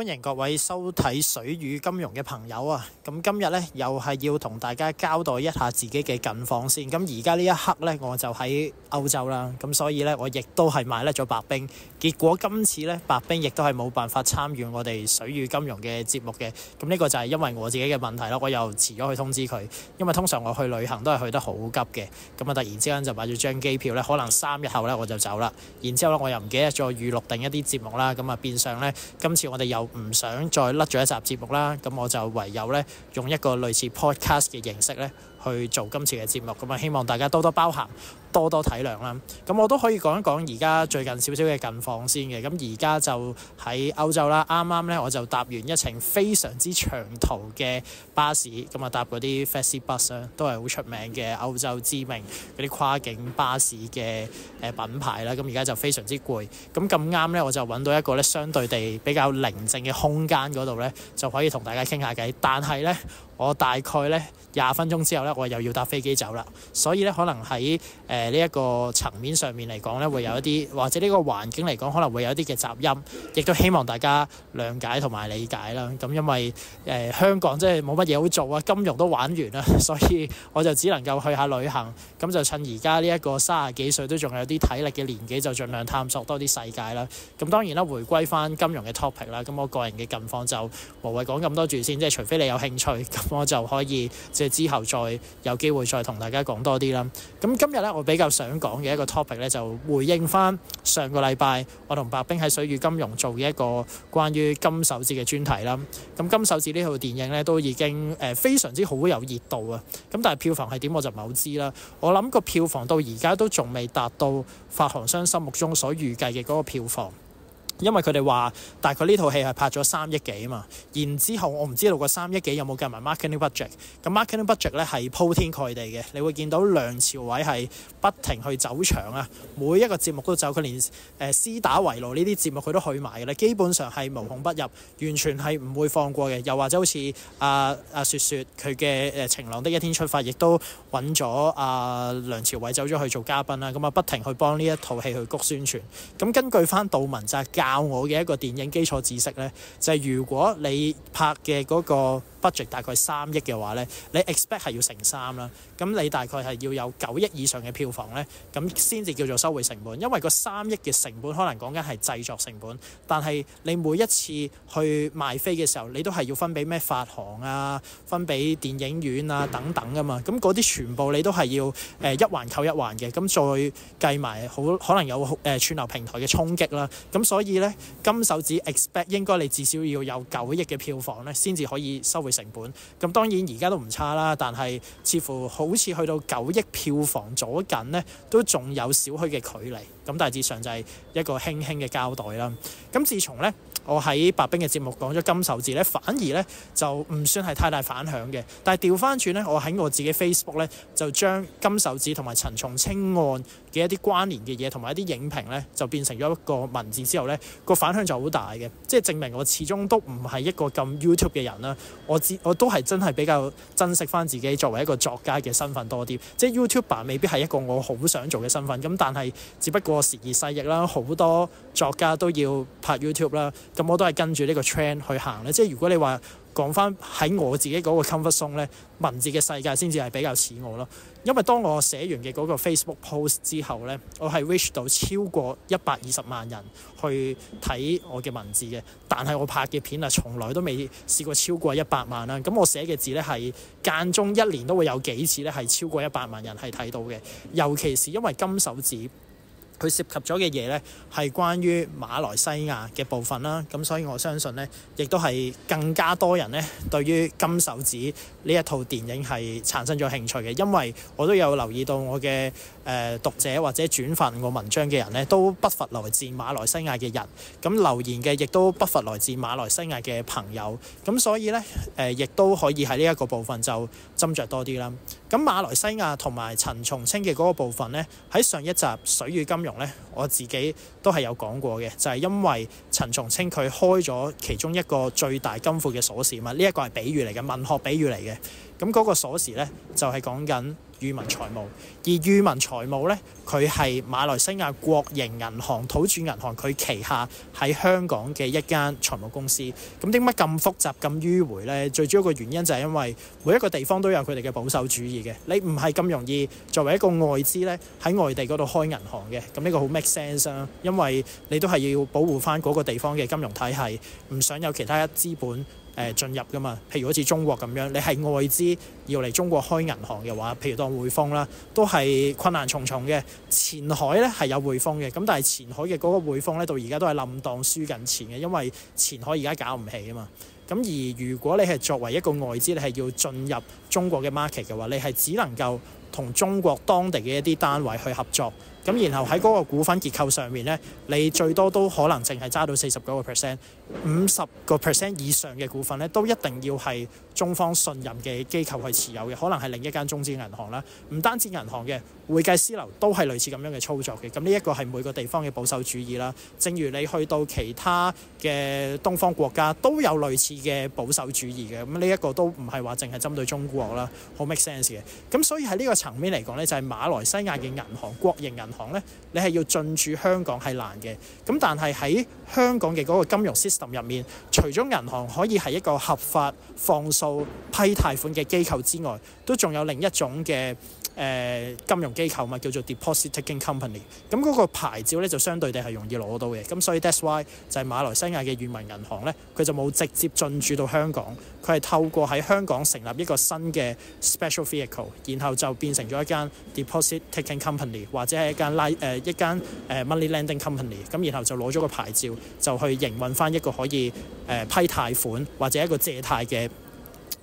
歡迎各位收睇《水與金融》嘅朋友啊！咁今日呢，又係要同大家交代一下自己嘅近況先。咁而家呢一刻呢，我就喺歐洲啦，咁所以呢，我亦都係買甩咗白兵。結果今次呢，白兵亦都係冇辦法參與我哋《水與金融》嘅節目嘅。咁呢個就係因為我自己嘅問題啦，我又遲咗去通知佢。因為通常我去旅行都係去得好急嘅，咁啊突然之間就買咗張機票呢，可能三日後、後呢，我就走啦。然之後呢我又唔記得再預錄定一啲節目啦，咁啊變相呢，今次我哋又。唔想再甩咗一集節目啦，咁我就唯有呢，用一個類似 Podcast 嘅形式呢，去做今次嘅節目咁啊，希望大家多多包涵，多多體諒啦。咁我都可以講一講而家最近少少嘅近況先嘅。咁而家就喺歐洲啦，啱啱咧我就搭完一程非常之長途嘅巴士，咁啊搭嗰啲 fast bus 啦，都係好出名嘅歐洲知名嗰啲跨境巴士嘅誒品牌啦。咁而家就非常之攰。咁咁啱咧，我就揾到一個咧相對地比較寧靜嘅空間嗰度咧，就可以同大家傾下偈。但係咧，我大概咧廿分鐘之後。我又要搭飛機走啦，所以呢，可能喺誒呢一個層面上面嚟講呢，會有一啲或者呢個環境嚟講，可能會有一啲嘅雜音，亦都希望大家諒解同埋理解啦。咁、嗯、因為誒、呃、香港即係冇乜嘢好做啊，金融都玩完啦，所以我就只能夠去下旅行。咁、嗯、就趁而家呢一個三十幾歲都仲有啲體力嘅年紀，就盡量探索多啲世界啦。咁、嗯、當然啦，回歸翻金融嘅 topic 啦，咁、嗯、我個人嘅近況就無謂講咁多住先，即係除非你有興趣，咁我就可以即係之後再。有機會再同大家講多啲啦。咁今日呢，我比較想講嘅一個 topic 呢，就回應翻上個禮拜我同白兵喺水與金融做嘅一個關於《金手指》嘅專題啦。咁《金手指》呢套電影呢，都已經誒、呃、非常之好有熱度啊。咁但係票房係點我就唔係好知啦。我諗個票房到而家都仲未達到發行商心目中所預計嘅嗰個票房。因為佢哋話大概呢套戲係拍咗三億幾嘛，然之後我唔知道個三億幾有冇計埋 marketing budget。咁 marketing budget 咧係鋪天蓋地嘅，你會見到梁朝偉係不停去走場啊，每一個節目都走，佢連誒絲打圍爐呢啲節目佢都去埋嘅啦，基本上係無孔不入，完全係唔會放過嘅。又或者好似阿阿雪雪佢嘅《誒晴朗的一天出發》，亦都揾咗阿梁朝偉走咗去做嘉賓啦，咁啊不停去幫呢一套戲去谷宣傳。咁根據返杜汶澤，就是教我嘅一個電影基礎知識咧，就係、是、如果你拍嘅嗰、那個。budget 大概三億嘅話咧，你 expect 係要乘三啦，咁你大概係要有九億以上嘅票房咧，咁先至叫做收回成本，因為個三億嘅成本可能講緊係製作成本，但係你每一次去賣飛嘅時候，你都係要分俾咩發行啊，分俾電影院啊等等啊嘛，咁嗰啲全部你都係要誒一環扣一環嘅，咁再計埋好可能有誒串流平台嘅衝擊啦，咁所以咧，金手指 expect 應該你至少要有九億嘅票房咧，先至可以收回。成本咁當然而家都唔差啦，但係似乎好似去到九億票房左近呢，都仲有少許嘅距離。咁大致上就係一個輕輕嘅交代啦。咁自從呢，我喺白兵嘅節目講咗金手指呢，反而呢就唔算係太大反響嘅。但係調翻轉呢，我喺我自己 Facebook 呢，就將金手指同埋陳松青案嘅一啲關聯嘅嘢，同埋一啲影評咧，就變成咗一個文字之後咧，個反響就好大嘅，即係證明我始終都唔係一個咁 YouTube 嘅人啦。我知我都係真係比較珍惜翻自己作為一個作家嘅身份多啲，即係 YouTuber 未必係一個我好想做嘅身份。咁但係只不過時移世易啦，好多作家都要拍 YouTube 啦。咁我都係跟住呢個 trend 去行咧。即係如果你話講翻喺我自己嗰個 comfort zone 咧，文字嘅世界先至係比較似我咯。因為當我寫完嘅嗰個 Facebook post 之後呢，我係 reach 到超過一百二十萬人去睇我嘅文字嘅，但係我拍嘅片啊，從來都未試過超過一百萬啦。咁我寫嘅字呢，係間中一年都會有幾次呢，係超過一百萬人係睇到嘅，尤其是因為金手指。佢涉及咗嘅嘢呢，係關於馬來西亞嘅部分啦，啊，咁所以我相信呢，亦都係更加多人呢對於《金手指》呢一套電影係產生咗興趣嘅，因為我都有留意到我嘅。誒讀者或者轉發我文章嘅人呢，都不乏來自馬來西亞嘅人，咁留言嘅亦都不乏來自馬來西亞嘅朋友，咁所以呢，誒亦都可以喺呢一個部分就斟酌多啲啦。咁馬來西亞同埋陳松青嘅嗰個部分呢，喺上一集水與金融呢，我自己都係有講過嘅，就係、是、因為。陳松青佢開咗其中一個最大金庫嘅鎖匙嘛，呢、這、一個係比喻嚟嘅，文學比喻嚟嘅。咁嗰個鎖匙呢，就係、是、講緊裕民財務，而裕民財務呢，佢係馬來西亞國營銀行土著銀行佢旗下喺香港嘅一間財務公司。咁點解咁複雜咁迂迴呢？最主要個原因就係因為每一個地方都有佢哋嘅保守主義嘅，你唔係咁容易作為一個外資呢，喺外地嗰度開銀行嘅。咁呢個好 make sense 啊，因為你都係要保護翻、那、嗰個。地方嘅金融體系唔想有其他一資本誒進入㗎嘛，譬如好似中國咁樣，你係外資要嚟中國開銀行嘅話，譬如當匯豐啦，都係困難重重嘅。前海咧係有匯豐嘅，咁但係前海嘅嗰個匯豐咧到而家都係冧檔輸緊錢嘅，因為前海而家搞唔起啊嘛。咁而如果你係作為一個外資，你係要進入中國嘅 market 嘅話，你係只能夠同中國當地嘅一啲單位去合作。咁然後喺嗰個股份結構上面呢，你最多都可能淨係揸到四十九個 percent，五十個 percent 以上嘅股份呢，都一定要係中方信任嘅機構去持有嘅，可能係另一間中資銀行啦，唔單止銀行嘅。會計師樓都係類似咁樣嘅操作嘅，咁呢一個係每個地方嘅保守主義啦。正如你去到其他嘅東方國家都有類似嘅保守主義嘅，咁呢一個都唔係話淨係針對中國啦，好 make sense 嘅。咁所以喺呢個層面嚟講呢，就係馬來西亞嘅銀行國營銀行呢，你係要進駐香港係難嘅。咁但係喺香港嘅嗰個金融 system 入面，除咗銀行可以係一個合法放數批貸款嘅機構之外，都仲有另一種嘅。誒金融機構嘛叫做 deposit-taking company，咁嗰個牌照咧就相對地係容易攞到嘅，咁所以 that's why 就係馬來西亞嘅裕民銀行咧，佢就冇直接進駐到香港，佢係透過喺香港成立一個新嘅 special vehicle，然後就變成咗一間 deposit-taking company 或者係一間拉誒一間誒、呃、money lending company，咁然後就攞咗個牌照就去營運翻一個可以誒、呃、批貸款或者一個借貸嘅。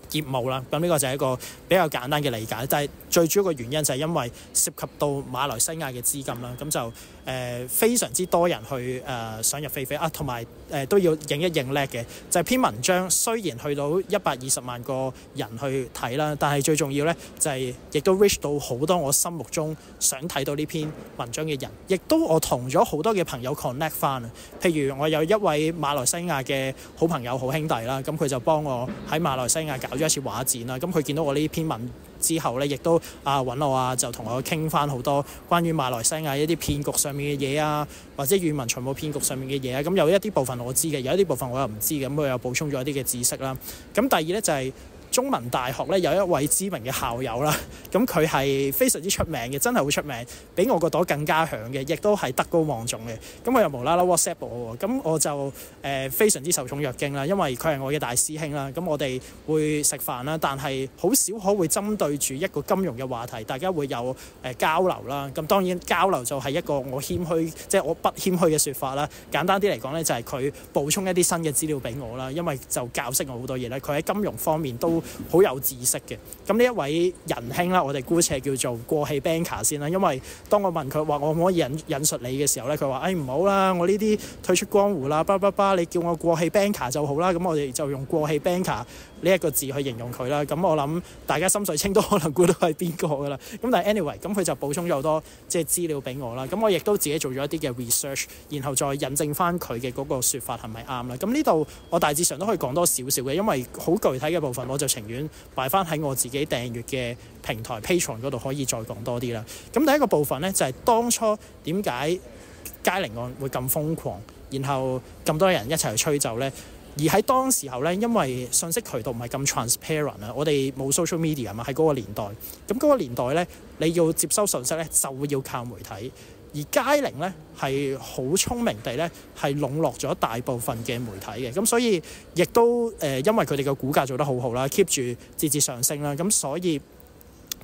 業務啦，咁呢個就係一個比較簡單嘅理解，但係最主要嘅原因就係因為涉及到馬來西亞嘅資金啦，咁就誒、呃、非常之多人去誒想、呃、入非非啊，同埋誒都要影一影叻嘅，就係、篇文章雖然去到一百二十萬個人去睇啦，但係最重要呢就係、係、亦都 reach 到好多我心目中想睇到呢篇文章嘅人，亦都我同咗好多嘅朋友 connect 翻，譬如我有一位馬來西亞嘅好朋友好兄弟啦，咁佢就幫我喺馬來西亞搞。做一次畫展啦，咁佢見到我呢篇文之後呢，亦都啊揾我啊，就同我傾翻好多關於馬來西亞一啲騙局上面嘅嘢啊，或者裕民財務騙局上面嘅嘢啊，咁有一啲部分我知嘅，有一啲部分我又唔知嘅，咁我又補充咗一啲嘅知識啦。咁第二呢就係。中文大學咧有一位知名嘅校友啦，咁佢係非常之出名嘅，真係好出名，比我個朵更加響嘅，亦都係德高望重嘅。咁佢又無啦啦 WhatsApp 我喎，咁我就誒、呃、非常之受寵若驚啦，因為佢係我嘅大師兄啦。咁我哋會食飯啦，但係好少可會針對住一個金融嘅話題，大家會有誒、呃、交流啦。咁當然交流就係一個我謙虛，即、就、係、是、我不謙虛嘅説法啦。簡單啲嚟講呢，就係佢補充一啲新嘅資料俾我啦，因為就教識我好多嘢啦。佢喺金融方面都好有知識嘅，咁呢一位仁兄啦，我哋姑且叫做過氣 banker 先啦，因為當我問佢話我可唔可以引引述你嘅時候呢，佢話唉，唔好啦，我呢啲退出江湖啦，叭叭叭，你叫我過氣 banker 就好啦，咁我哋就用過氣 banker 呢一個字去形容佢啦，咁我諗大家心水清都可能估到係邊個噶啦。咁但係 anyway，咁佢就補充咗好多即係資料俾我啦。咁我亦都自己做咗一啲嘅 research，然後再引證翻佢嘅嗰個說法係咪啱啦。咁呢度我大致上都可以講多少少嘅，因為好具體嘅部分，我就情願擺翻喺我自己訂閲嘅平台 Patreon 嗰度可以再講多啲啦。咁第一個部分呢，就係當初點解佳寧案會咁瘋狂，然後咁多人一齊去吹走呢。而喺當時候呢，因為信息渠道唔係咁 transparent 啊，我哋冇 social media 啊嘛，喺嗰個年代，咁嗰個年代呢，你要接收信息呢，就會要靠媒體。而佳寧呢，係好聰明地呢，係籠絡咗大部分嘅媒體嘅，咁所以亦都誒、呃，因為佢哋嘅股價做得好好啦，keep 住節節上升啦，咁所以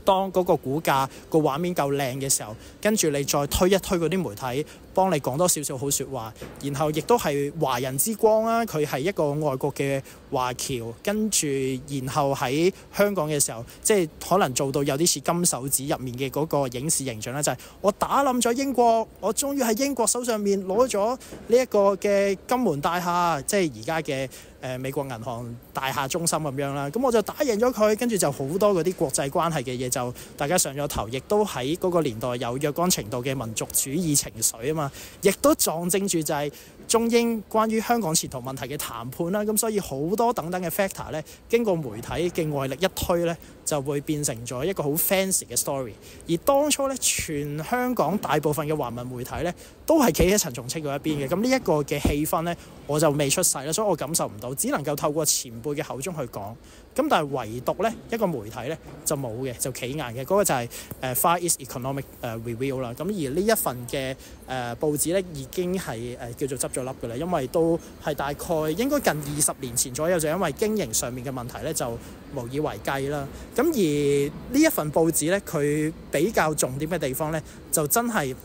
當嗰個股價個畫面夠靚嘅時候，跟住你再推一推嗰啲媒體。幫你講多少少好説話，然後亦都係華人之光啦。佢係一個外國嘅華僑，跟住然後喺香港嘅時候，即係可能做到有啲似金手指入面嘅嗰個影視形象啦，就係、是、我打冧咗英國，我終於喺英國手上面攞咗呢一個嘅金門大廈，即係而家嘅。誒、呃、美國銀行大廈中心咁樣啦，咁我就打贏咗佢，跟住就好多嗰啲國際關係嘅嘢就大家上咗頭，亦都喺嗰個年代有若干程度嘅民族主義情緒啊嘛，亦都撞正住就係、是。中英關於香港前途問題嘅談判啦，咁所以好多等等嘅 factor 呢，經過媒體嘅外力一推呢，就會變成咗一個好 fancy 嘅 story。而當初呢，全香港大部分嘅華文媒體呢，都係企喺陳松青嗰一邊嘅。咁呢一個嘅氣氛呢，我就未出世啦，所以我感受唔到，只能夠透過前輩嘅口中去講。咁但係唯獨呢一個媒體呢就冇嘅，就企硬嘅嗰、那個就係誒《Far East Economic Review》啦。咁而呢一份嘅誒報紙呢已經係誒叫做執咗笠嘅啦，因為都係大概應該近二十年前左右，就因為經營上面嘅問題呢就無以為繼啦。咁而呢一份報紙呢，佢比較重點嘅地方呢就真係。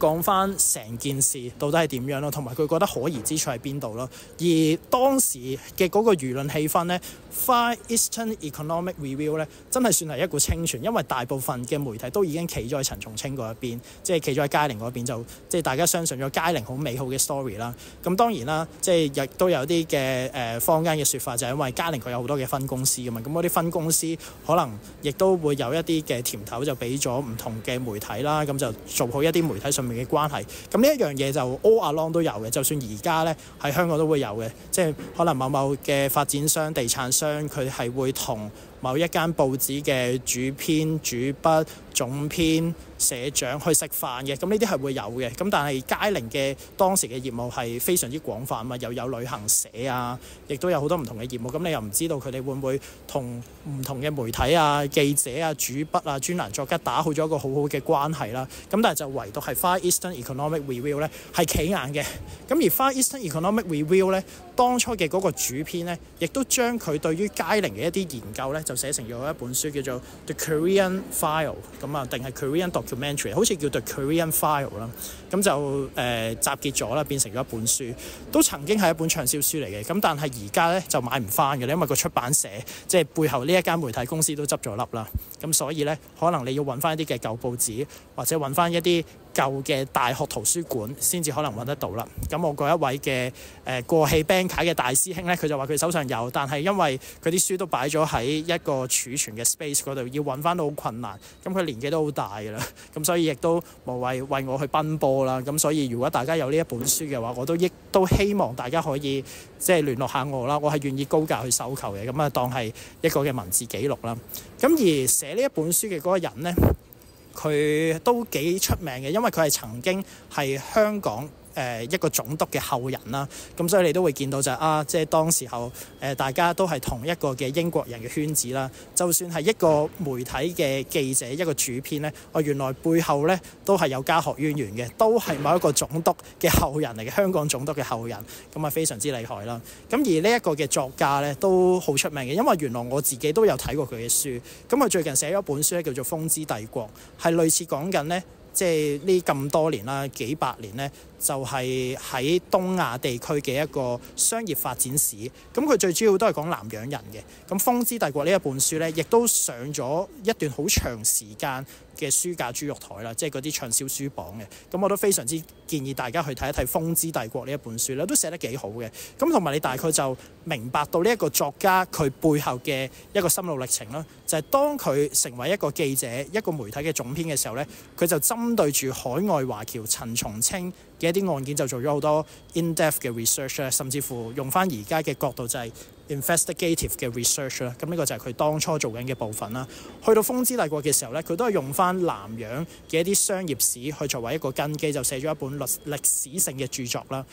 講翻成件事到底係點樣咯，同埋佢覺得可疑之處喺邊度咯？而當時嘅嗰個輿論氣氛呢，《Far Eastern Economic Review》呢，真係算係一股清泉，因為大部分嘅媒體都已經企咗喺陳松青嗰一邊，即係企咗喺佳寧嗰邊，就即係大家相信咗佳寧好美好嘅 story 啦。咁當然啦，即係亦都有啲嘅誒坊間嘅説法，就係、係、因為佳寧佢有好多嘅分公司咁嘛。咁嗰啲分公司可能亦都會有一啲嘅甜頭，就俾咗唔同嘅媒體啦，咁就做好一啲媒體上面。嘅關係咁呢一樣嘢就 all along 都有嘅，就算而家咧喺香港都會有嘅，即係可能某某嘅發展商、地產商，佢係會同。某一間報紙嘅主編、主筆、總編、社長去食飯嘅，咁呢啲係會有嘅。咁但係佳寧嘅當時嘅業務係非常之廣泛啊，又有旅行社啊，亦都有好多唔同嘅業務。咁你又唔知道佢哋會唔會同唔同嘅媒體啊、記者啊、主筆啊、專欄作家打好咗一個好好嘅關係啦。咁但係就唯獨係《Far Eastern Economic Review》呢係企硬嘅。咁而《Far Eastern Economic Review》呢，當初嘅嗰個主編呢，亦都將佢對於佳寧嘅一啲研究呢，就寫成咗一本書叫做《The Korean File》咁啊，定係《Korean Documentary》好似叫《The Korean File》啦、呃。咁就誒集結咗啦，變成咗一本書，都曾經係一本暢銷書嚟嘅。咁但係而家咧就買唔翻嘅，因為個出版社即係、就是、背後呢一間媒體公司都執咗笠啦。咁所以咧，可能你要揾翻一啲嘅舊報紙，或者揾翻一啲。舊嘅大學圖書館先至可能揾得到啦。咁我嗰一位嘅誒、呃、過氣 banker 嘅大師兄呢，佢就話佢手上有，但係因為佢啲書都擺咗喺一個儲存嘅 space 嗰度，要揾翻都好困難。咁佢年紀都好大㗎啦，咁所以亦都無謂為我去奔波啦。咁所以如果大家有呢一本書嘅話，我都亦都希望大家可以即係、就是、聯絡下我啦。我係願意高價去收購嘅。咁啊，當係一個嘅文字記錄啦。咁而寫呢一本書嘅嗰個人呢。佢都幾出名嘅，因為佢係曾經係香港。誒一個總督嘅後人啦，咁所以你都會見到就係、啊，即係當時候誒、呃、大家都係同一個嘅英國人嘅圈子啦。就算係一個媒體嘅記者一個主編呢，哦原來背後呢都係有家學淵源嘅，都係某一個總督嘅後人嚟嘅，香港總督嘅後人，咁啊非常之厲害啦。咁而呢一個嘅作家呢，都好出名嘅，因為原來我自己都有睇過佢嘅書。咁佢最近寫咗本書咧，叫做《風之帝國》，係類似講緊呢。即係呢咁多年啦，幾百年呢，就係喺東亞地區嘅一個商業發展史。咁佢最主要都係講南洋人嘅。咁《風之帝國》呢一本書呢，亦都上咗一段好長時間。嘅書架豬肉台啦，即係嗰啲暢銷書榜嘅，咁我都非常之建議大家去睇一睇《風之帝國》呢一本書啦，都寫得幾好嘅。咁同埋你大概就明白到呢一個作家佢背後嘅一個心路歷程啦，就係、是、當佢成為一個記者、一個媒體嘅總編嘅時候呢，佢就針對住海外華僑陳松青。嘅一啲案件就做咗好多 in-depth 嘅 research 啦，research, 甚至乎用翻而家嘅角度就係 investigative 嘅 research 啦。咁呢個就係佢當初做緊嘅部分啦。去到《風之麗國》嘅時候咧，佢都係用翻南洋嘅一啲商業史去作為一個根基，就寫咗一本歷史性嘅著作啦。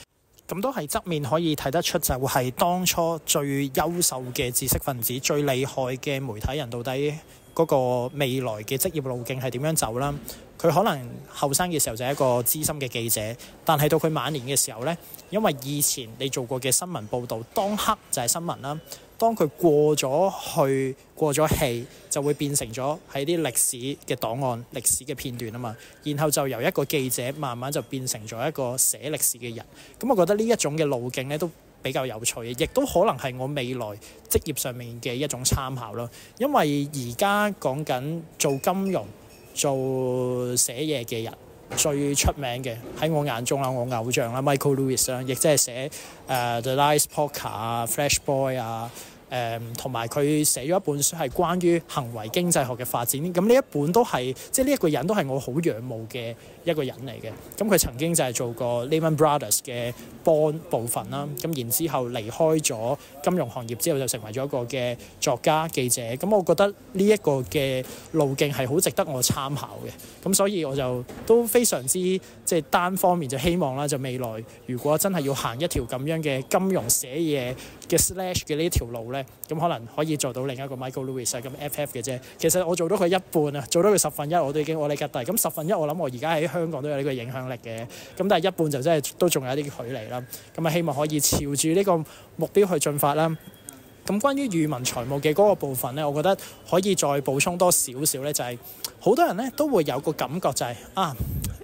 咁都係側面可以睇得出，就係當初最優秀嘅知識分子、最厲害嘅媒體人到底。嗰個未來嘅職業路徑係點樣走啦？佢可能後生嘅時候就係一個資深嘅記者，但係到佢晚年嘅時候呢，因為以前你做過嘅新聞報導，當刻就係新聞啦。當佢過咗去、過咗氣，就會變成咗喺啲歷史嘅檔案、歷史嘅片段啊嘛。然後就由一個記者慢慢就變成咗一個寫歷史嘅人。咁我覺得呢一種嘅路徑呢，都～比較有趣嘅，亦都可能係我未來職業上面嘅一種參考咯。因為而家講緊做金融、做寫嘢嘅人最出名嘅，喺我眼中啦，我偶像啦，Michael Lewis 啦，亦即係寫《誒、uh, The Liar's Poker》啊，《Flash Boy》啊，誒同埋佢寫咗一本書係關於行為經濟學嘅發展。咁呢一本都係即係呢一個人都係我好仰慕嘅。一個人嚟嘅，咁佢曾經就係做過 Lehman Brothers 嘅 bond 部分啦，咁然之後離開咗金融行業之後就成為咗一個嘅作家記者，咁我覺得呢一個嘅路徑係好值得我參考嘅，咁所以我就都非常之即係、就是、單方面就希望啦，就未來如果真係要行一條咁樣嘅金融寫嘢嘅 slash 嘅呢條路呢，咁可能可以做到另一個 Michael Lewis 咁 FF 嘅啫，其實我做到佢一半啊，做到佢十分一我都已經我理解大。咁十分一我諗我而家喺。香港都有呢個影響力嘅，咁但係一半就真係都仲有一啲距離啦。咁啊，希望可以朝住呢個目標去進發啦。咁關於裕民財務嘅嗰個部分咧，我覺得可以再補充多少少咧，就係好多人咧都會有個感覺就係、是、啊，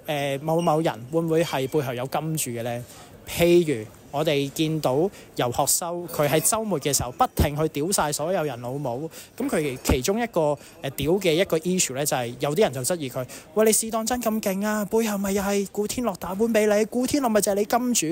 誒、呃、某某人會唔會係背後有金主嘅咧？譬如。我哋見到游學修，佢喺週末嘅時候不停去屌晒所有人老母。咁佢其中一個誒屌嘅一個 issue 咧、就是，就係有啲人就質疑佢，喂，你試當真咁勁啊？背後咪又係古天樂打本俾你，古天樂咪就係你金主。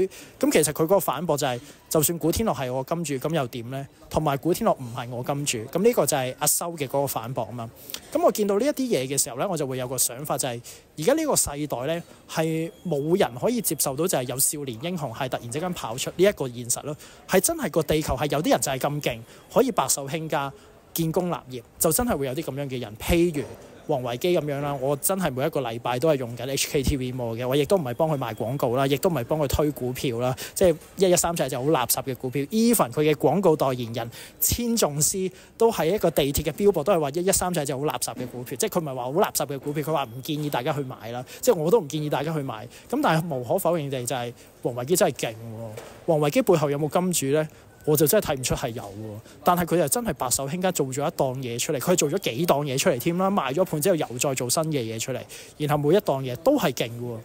咁其實佢嗰個反駁就係、是。就算古天樂係我金主，咁又點呢？同埋古天樂唔係我金主，咁呢個就係阿修嘅嗰個反駁啊嘛。咁我見到呢一啲嘢嘅時候呢，我就會有個想法、就係，就係而家呢個世代呢，係冇人可以接受到，就係有少年英雄係突然之間跑出呢一個現實咯。係真係個地球係有啲人就係咁勁，可以白手興家、建功立業，就真係會有啲咁樣嘅人，譬如王維基咁樣啦，我真係每一個禮拜都係用緊 HKTVmall 嘅，我亦都唔係幫佢賣廣告啦，亦都唔係幫佢推股票啦，即係一一三隻就好垃圾嘅股票。Even 佢嘅廣告代言人千重司都係一個地鐵嘅標榜，都係話一一三隻就好垃圾嘅股票，即係佢唔係話好垃圾嘅股票，佢話唔建議大家去買啦。即係我都唔建議大家去買。咁但係無可否認地就係、是、王維基真係勁喎。王維基背後有冇金主呢？我就真係睇唔出係有喎，但係佢就真係白手興家做咗一檔嘢出嚟，佢做咗幾檔嘢出嚟添啦，賣咗盤之後又再做新嘅嘢出嚟，然後每一檔嘢都係勁喎。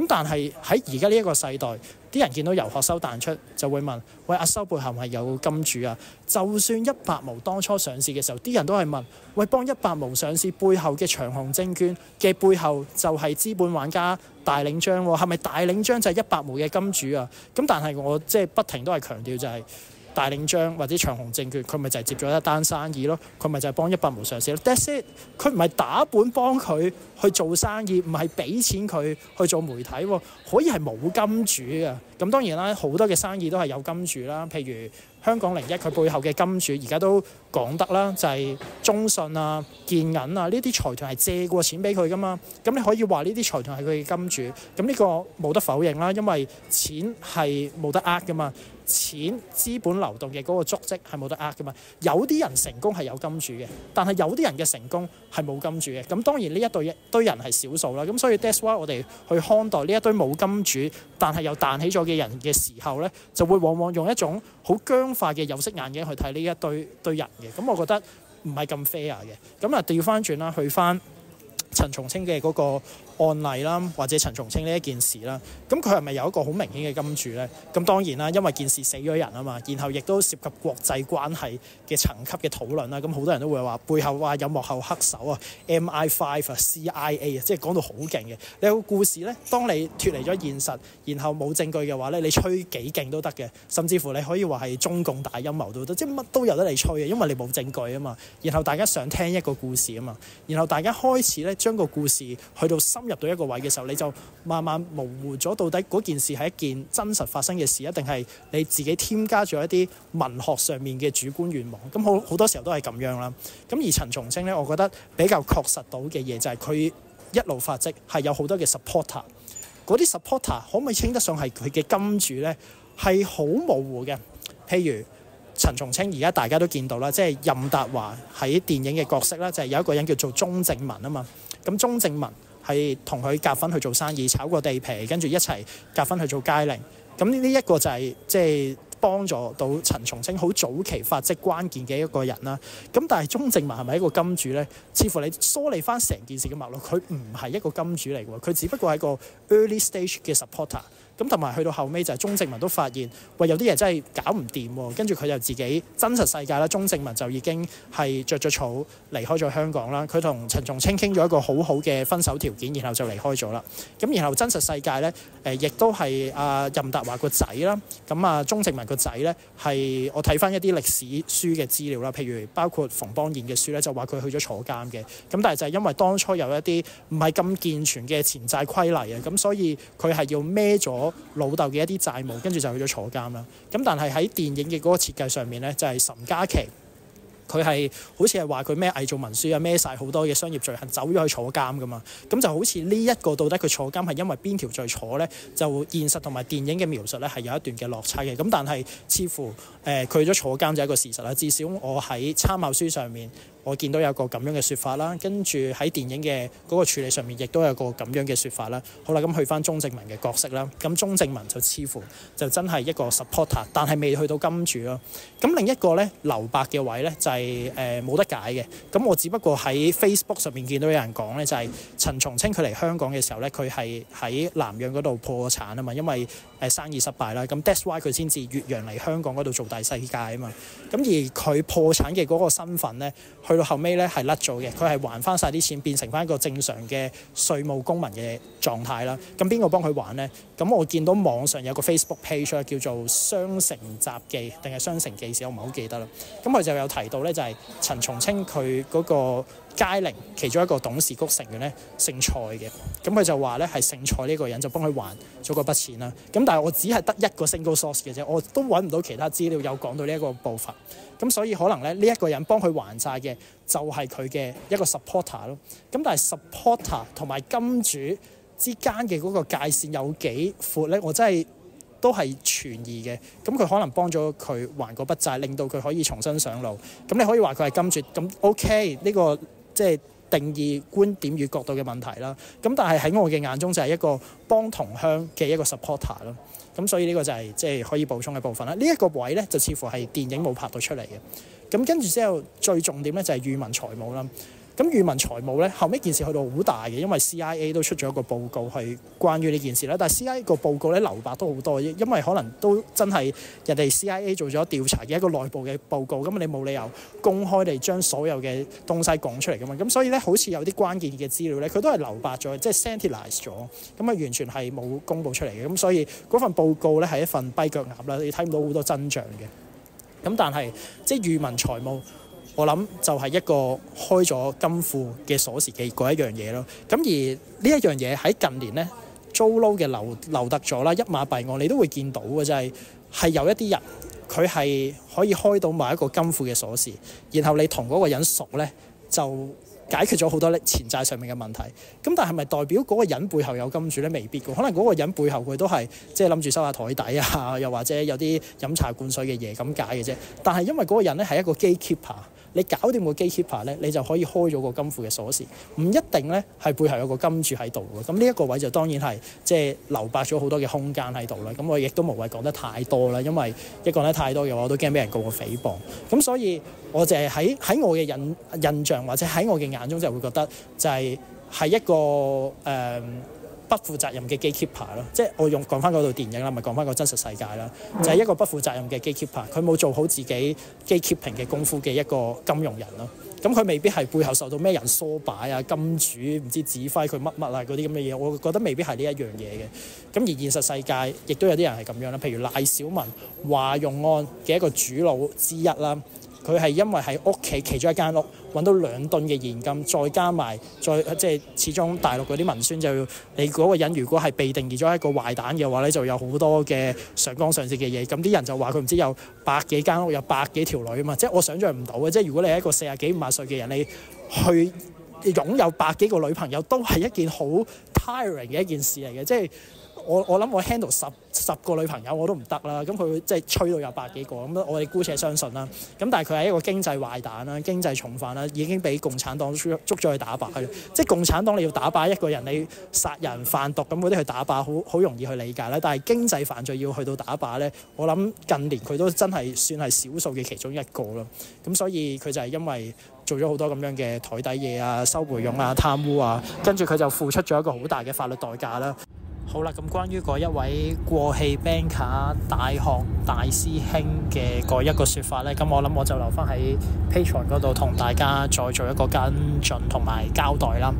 咁但係喺而家呢一個世代，啲人見到遊學修彈出，就會問：喂，阿修，背後係有金主啊？就算一百毛當初上市嘅時候，啲人都係問：喂，幫一百毛上市背後嘅長虹證券嘅背後就係資本玩家大領章喎，啊？係咪大領章就係一百毛嘅金主啊？咁但係我即係不停都係強調就係、是。大領張或者長虹證券，佢咪就係接咗一單生意咯？佢咪就係幫一百無上市咯？That's it。佢唔係打本幫佢去做生意，唔係俾錢佢去做媒體喎。可以係冇金主嘅。咁當然啦，好多嘅生意都係有金主啦。譬如香港零一，佢背後嘅金主而家都講得啦，就係中信啊、建銀啊呢啲財團係借過錢俾佢噶嘛。咁你可以話呢啲財團係佢嘅金主。咁呢個冇得否認啦，因為錢係冇得呃噶嘛。錢資本流動嘅嗰個足跡係冇得呃嘅嘛，有啲人成功係有金主嘅，但係有啲人嘅成功係冇金主嘅。咁當然呢一對一堆人係少數啦。咁所以 that's why 我哋去看待呢一堆冇金主但係又彈起咗嘅人嘅時候呢，就會往往用一種好僵化嘅有色眼鏡去睇呢一堆堆人嘅。咁我覺得唔係咁 fair 嘅。咁啊調翻轉啦，去翻陳松青嘅嗰個案例啦，或者陳重清呢一件事啦，咁佢係咪有一個好明顯嘅金主呢？咁當然啦，因為件事死咗人啊嘛，然後亦都涉及國際關係嘅層級嘅討論啦。咁好多人都會話背後啊有幕後黑手啊，MI5 啊，CIA 啊，即係講到好勁嘅。你有個故事呢，當你脱離咗現實，然後冇證據嘅話呢，你吹幾勁都得嘅，甚至乎你可以話係中共大陰謀都得，即係乜都由得你吹嘅，因為你冇證據啊嘛。然後大家想聽一個故事啊嘛，然後大家開始呢，將個故事去到深入到一個位嘅時候，你就慢慢模糊咗到底嗰件事係一件真實發生嘅事，一定係你自己添加咗一啲文學上面嘅主觀願望。咁好好多時候都係咁樣啦。咁而陳松青呢，我覺得比較確實到嘅嘢就係佢一路發跡係有好多嘅 supporter。嗰啲 supporter 可唔可以稱得上係佢嘅金主呢？係好模糊嘅。譬如陳松青而家大家都見到啦，即係任達華喺電影嘅角色啦，就係有一個人叫做鍾正文啊嘛。咁鍾正文。係同佢夾分去做生意，炒過地皮，跟住一齊夾分去做佳寧。咁呢一個就係即係幫助到陳松青好早期發跡關鍵嘅一個人啦。咁但係鍾正文係咪一個金主呢？似乎你梳理翻成件事嘅脈絡，佢唔係一個金主嚟嘅喎，佢只不過係一個 early stage 嘅 supporter。咁同埋去到後尾就係鍾正文都發現，喂，有啲嘢真係搞唔掂喎。跟住佢就自己真實世界啦，鍾正文就已經係着咗草離開咗香港啦。佢同陳松青傾咗一個好好嘅分手條件，然後就離開咗啦。咁然後真實世界呢，誒亦都係阿任達華個仔啦。咁啊，鍾、啊、正文個仔呢，係我睇翻一啲歷史書嘅資料啦，譬如包括馮邦彥嘅書呢，就話佢去咗坐監嘅。咁但係就係因為當初有一啲唔係咁健全嘅潛在規例啊，咁所以佢係要孭咗老豆嘅一啲債務，跟住就去咗坐監啦。咁但係喺電影嘅嗰個設計上面呢，就係、是、岑嘉琪佢係好似係話佢孭偽造文書啊，孭晒好多嘅商業罪行，走咗去坐監噶嘛。咁就好似呢一個到底佢坐監係因為邊條罪坐呢？就現實同埋電影嘅描述呢，係有一段嘅落差嘅。咁但係似乎。誒佢咗坐監就係一個事實啦，至少我喺參考書上面，我見到有一個咁樣嘅説法啦。跟住喺電影嘅嗰個處理上面，亦都有個咁樣嘅説法啦。好啦，咁、嗯、去翻鍾正文嘅角色啦。咁、嗯、鍾正文就似乎就真係一個 supporter，但係未去到金主咯。咁、嗯、另一個呢，留白嘅位呢，就係、是、冇、呃、得解嘅。咁、嗯、我只不過喺 Facebook 上面見到有人講呢，就係陳松青佢嚟香港嘅時候呢，佢係喺南洋嗰度破產啊嘛，因為生意失敗啦。咁 that's why 佢先至越洋嚟香港嗰度做。大世界啊嘛，咁而佢破產嘅嗰個身份呢，去到後尾呢係甩咗嘅，佢係還翻晒啲錢，變成翻一個正常嘅稅務公民嘅狀態啦。咁邊個幫佢還呢？咁我見到網上有個 Facebook page 叫做《雙城雜記》定係《雙城記事》，我唔係好記得啦。咁佢就有提到呢，就係、是、陳松青佢嗰、那個。佳寧，其中一個董事局成員咧姓蔡嘅，咁佢就話咧係姓蔡呢個人就幫佢還咗嗰筆錢啦。咁但係我只係得一個 single source 嘅啫，我都揾唔到其他資料有講到呢一個部分。咁所以可能咧呢一個人幫佢還債嘅就係佢嘅一個 supporter 咯。咁但係 supporter 同埋金主之間嘅嗰個界線有幾闊咧？我真係都係存疑嘅。咁佢可能幫咗佢還個筆債，令到佢可以重新上路。咁你可以話佢係金主咁 OK 呢個。即係定義觀點與角度嘅問題啦。咁但係喺我嘅眼中就係一個幫同鄉嘅一個 supporter 咯。咁所以呢個就係即係可以補充嘅部分啦。呢、這、一個位呢，就似乎係電影冇拍到出嚟嘅。咁跟住之後最重點呢就係裕民財務啦。咁裕民財務咧，後尾件事去到好大嘅，因為 CIA 都出咗一個報告係關於呢件事咧。但係 CIA 個報告咧留白都好多，因因為可能都真係人哋 CIA 做咗調查嘅一個內部嘅報告，咁你冇理由公開地將所有嘅東西講出嚟㗎嘛。咁所以咧，好似有啲關鍵嘅資料咧，佢都係留白咗，即係 sanitize 咗，咁啊完全係冇公布出嚟嘅。咁所以嗰份報告咧係一份跛腳鴨啦，你睇唔到好多真相嘅。咁但係即係裕民財務。我諗就係一個開咗金庫嘅鎖匙嘅嗰一樣嘢咯。咁而呢一樣嘢喺近年咧，租撈嘅流流得咗啦，一馬弊案你都會見到嘅，就係、是、係有一啲人佢係可以開到某一個金庫嘅鎖匙，然後你同嗰個人熟咧，就解決咗好多咧錢債上面嘅問題。咁但係咪代表嗰個人背後有金主咧？未必嘅，可能嗰個人背後佢都係即係諗住收下台底啊，又或者有啲飲茶灌水嘅嘢咁解嘅啫。但係因為嗰個人咧係一個 gatekeeper。你搞掂個 gatekeeper 咧，你就可以開咗個金庫嘅鎖匙，唔一定咧係背後有個金柱喺度嘅。咁呢一個位就當然係即係留白咗好多嘅空間喺度啦。咁我亦都無謂講得太多啦，因為一講得太多嘅話，我都驚俾人告我誹謗。咁所以我就係喺喺我嘅印印象或者喺我嘅眼中就會覺得就係、係、係一個誒。嗯不負責任嘅 gatekeeper 咯，即係我用講翻嗰套電影啦，咪講翻個真實世界啦，就係、是、一個不負責任嘅 gatekeeper，佢冇做好自己 gatekeeping 嘅功夫嘅一個金融人咯。咁佢未必係背後受到咩人唆擺啊、金主唔知指揮佢乜乜啊嗰啲咁嘅嘢，我覺得未必係呢一樣嘢嘅。咁而現實世界亦都有啲人係咁樣啦，譬如賴小民華融案嘅一個主腦之一啦，佢係因為喺屋企其中一間屋。揾到兩噸嘅現金，再加埋，再即係始終大陸嗰啲文宣就要你嗰個人如果係被定義咗一個壞蛋嘅話呢，就有好多嘅上綱上線嘅嘢。咁啲人就話佢唔知有百幾間屋，有百幾條女啊嘛。即係我想像唔到嘅。即係如果你係一個四十幾五十歲嘅人，你去擁有百幾個女朋友都係一件好 tiring 嘅一件事嚟嘅。即係。我我諗我 handle 十十個女朋友我都唔得啦，咁佢即係吹到有百幾個咁，我哋姑且相信啦。咁但係佢係一個經濟壞蛋啦、經濟重犯啦，已經俾共產黨捉咗去打靶。即係共產黨你要打靶一個人，你殺人、販毒咁嗰啲去打靶，好好容易去理解啦。但係經濟犯罪要去到打靶呢，我諗近年佢都真係算係少數嘅其中一個啦。咁所以佢就係因為做咗好多咁樣嘅枱底嘢啊、收回佣啊、貪污啊，跟住佢就付出咗一個好大嘅法律代價啦。好啦，咁關於嗰一位過氣 Banker 大學大師兄嘅嗰一個說法呢，咁我諗我就留翻喺 Patreon 嗰度同大家再做一個跟進同埋交代啦。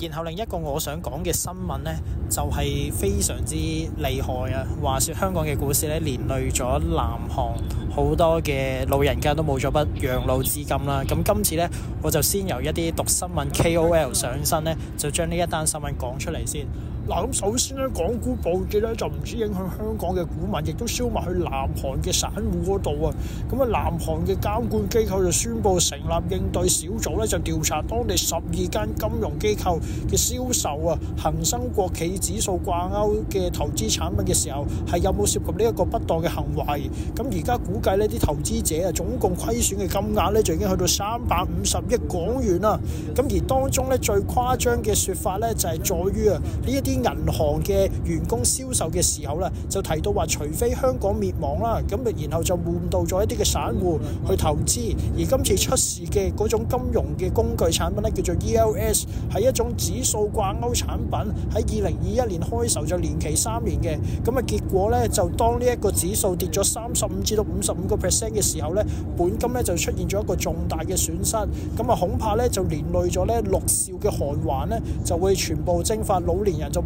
然後另一個我想講嘅新聞呢，就係、是、非常之厲害啊！話說香港嘅股市呢，連累咗南韓好多嘅老人家都冇咗筆養老資金啦。咁今次呢，我就先由一啲讀新聞 KOL 上身呢，就將呢一單新聞講出嚟先。嗱，咁首先咧，港股暴跌咧就唔止影響香港嘅股民，亦都燒埋去南韓嘅散戶嗰度啊！咁啊，南韓嘅監管機構就宣布成立應對小組咧，就調查當地十二間金融機構嘅銷售啊，恒生國企指數掛鈎嘅投資產品嘅時候係有冇涉及呢一個不當嘅行為？咁而家估計咧，啲投資者啊總共虧損嘅金額咧就已經去到三百五十億港元啦！咁而當中咧最誇張嘅說法咧就係在於啊呢一啲。銀行嘅員工銷售嘅時候呢就提到話，除非香港滅亡啦，咁啊，然後就換到咗一啲嘅散戶去投資。而今次出事嘅嗰種金融嘅工具產品呢叫做 ELS，係一種指數掛鈎產品，喺二零二一年開售，就年期三年嘅。咁啊，結果呢，就當呢一個指數跌咗三十五至到五十五個 percent 嘅時候呢本金呢就出現咗一個重大嘅損失。咁啊，恐怕呢，就連累咗呢六兆嘅韓環呢就會全部蒸發，老年人就。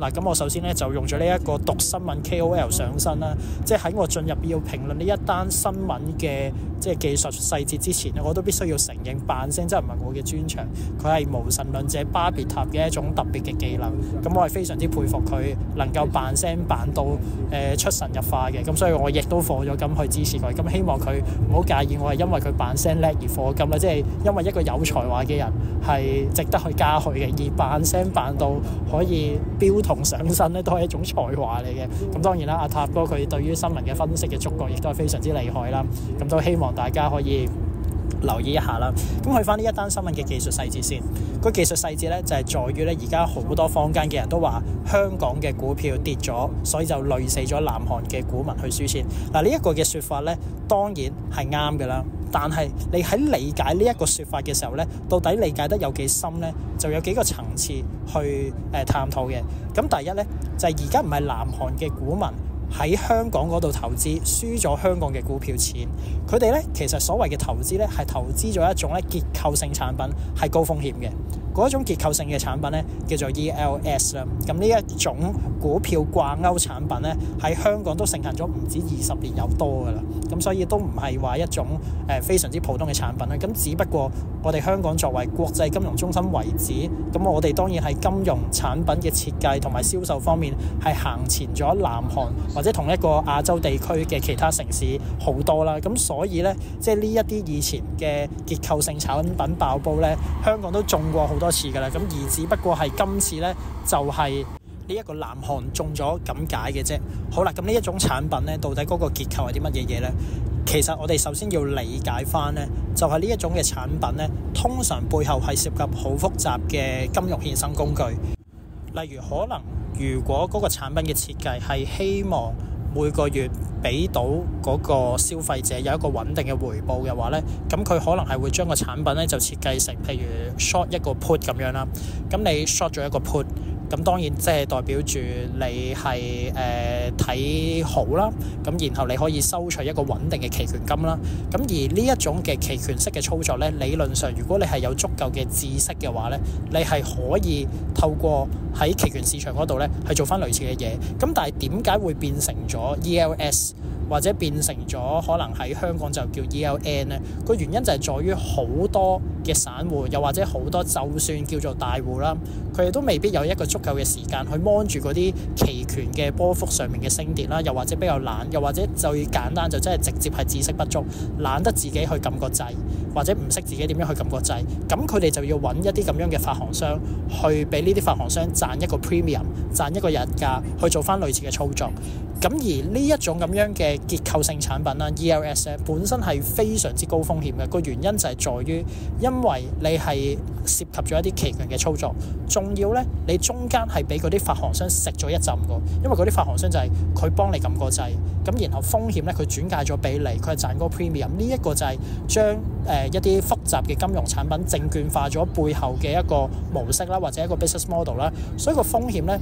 嗱，咁我首先咧就用咗呢一個讀新聞 KOL 上身啦，即係喺我進入要評論呢一單新聞嘅即係技術細節之前咧，我都必須要承認扮聲真係唔係我嘅專長，佢係無神論者巴別塔嘅一種特別嘅技能，咁我係非常之佩服佢能夠扮聲扮到誒、呃、出神入化嘅，咁所以我亦都放咗金去支持佢，咁希望佢唔好介意我係因為佢扮聲叻而課金啦，即係因為一個有才華嘅人係值得去加佢嘅，而扮聲扮到可以標同上身咧都係一種才華嚟嘅，咁當然啦，阿塔哥佢對於新聞嘅分析嘅觸覺亦都係非常之厲害啦，咁都希望大家可以留意一下啦。咁去翻呢一單新聞嘅技術細節先，個技術細節呢，就係在於呢而家好多坊間嘅人都話香港嘅股票跌咗，所以就累死咗南韓嘅股民去輸錢。嗱，呢一個嘅説法呢，當然係啱嘅啦。但係你喺理解呢一個説法嘅時候呢，到底理解得有幾深呢？就有幾個層次去誒探討嘅。咁、嗯、第一呢，就係而家唔係南韓嘅股民喺香港嗰度投資，輸咗香港嘅股票錢。佢哋呢，其實所謂嘅投資呢，係投資咗一種咧結構性產品，係高風險嘅。嗰一種結構性嘅產品咧，叫做 ELS 啦。咁呢一種股票掛鈎產品咧，喺香港都盛行咗唔止二十年有多噶啦。咁所以都唔係話一種誒、呃、非常之普通嘅產品啦。咁只不過我哋香港作為國際金融中心為止，咁我哋當然喺金融產品嘅設計同埋銷售方面係行前咗南韓或者同一個亞洲地區嘅其他城市好多啦。咁所以呢，即係呢一啲以前嘅結構性產品爆煲呢，香港都中過多次噶啦，咁而只不過係今次呢就係呢一個南韓中咗咁解嘅啫。好啦，咁呢一種產品呢，到底嗰個結構係啲乜嘢嘢呢？其實我哋首先要理解返呢，就係呢一種嘅產品呢，通常背後係涉及好複雜嘅金融衍生工具，例如可能如果嗰個產品嘅設計係希望每個月。俾到嗰個消費者有一個穩定嘅回報嘅話呢，咁佢可能係會將個產品呢就設計成譬如 short 一個 put 咁樣啦。咁你 short 咗一個 put。咁當然即係代表住你係誒睇好啦，咁然後你可以收取一個穩定嘅期權金啦。咁而呢一種嘅期權式嘅操作呢，理論上如果你係有足夠嘅知識嘅話呢，你係可以透過喺期權市場嗰度呢去做翻類似嘅嘢。咁但係點解會變成咗 ELS？或者變成咗可能喺香港就叫 E.L.N 咧，個原因就係在於好多嘅散戶，又或者好多就算叫做大戶啦，佢哋都未必有一個足夠嘅時間去 mon 住嗰啲期權嘅波幅上面嘅升跌啦，又或者比較懶，又或者最簡單就真係直接係知識不足，懶得自己去撳個掣，或者唔識自己點樣去撳個掣，咁佢哋就要揾一啲咁樣嘅發行商去俾呢啲發行商賺一個 premium，賺一個日價去做翻類似嘅操作，咁而呢一種咁樣嘅。結構性產品啦 ELS 本身係非常之高風險嘅，個原因就係在於，因為你係涉及咗一啲期權嘅操作，仲要呢，你中間係俾嗰啲發行商食咗一浸嘅，因為嗰啲發行商就係佢幫你撳個掣，咁然後風險呢，佢轉介咗俾你，佢係賺嗰個 premium。呢一個就係將誒一啲複雜嘅金融產品證券化咗背後嘅一個模式啦，或者一個 business model 啦，所以個風險呢，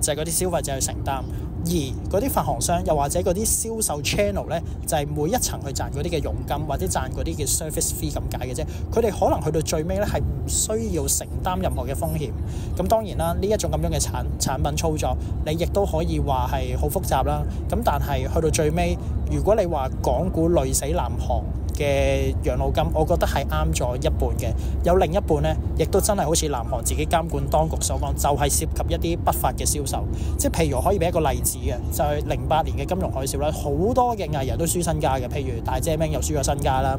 就係嗰啲消費者去承擔。而嗰啲發行商又或者嗰啲銷售 channel 咧，就係每一層去賺嗰啲嘅佣金或者賺嗰啲嘅 service fee 咁解嘅啫。佢哋可能去到最尾呢，係唔需要承擔任何嘅風險。咁當然啦，呢一種咁樣嘅產產品操作，你亦都可以話係好複雜啦。咁但係去到最尾，如果你話港股累死南韓嘅養老金，我覺得係啱咗一半嘅。有另一半呢，亦都真係好似南韓自己監管當局所講，就係、是、涉及一啲不法嘅銷售。即係譬如可以俾一個例子嘅，就係零八年嘅金融海嘯啦，好多嘅藝人都輸身家嘅，譬如大姐 a 又輸咗身家啦，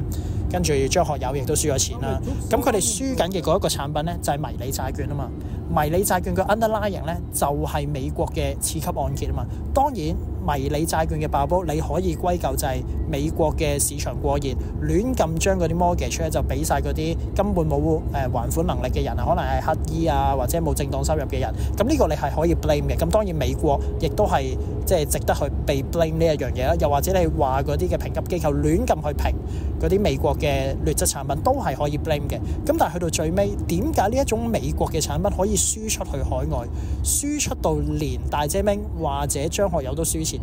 跟住張學友亦都輸咗錢啦。咁佢哋輸緊嘅嗰一個產品呢，就係、是、迷你債券啊嘛，迷你債券嘅 u n d e r l y i 就係、是、美國嘅次級按揭啊嘛，當然。迷你債券嘅爆煲，你可以歸咎就係美國嘅市場過熱，亂咁將嗰啲 mortgage 咧，就俾晒嗰啲根本冇誒還款能力嘅人啊，可能係乞衣啊，或者冇正當收入嘅人。咁呢個你係可以 blame 嘅。咁當然美國亦都係即係值得去被 blame 呢一樣嘢啦。又或者你話嗰啲嘅評級機構亂咁去評嗰啲美國嘅劣質產品都係可以 blame 嘅。咁但係去到最尾，點解呢一種美國嘅產品可以輸出去海外，輸出到連大 j 明或者張學友都輸錢？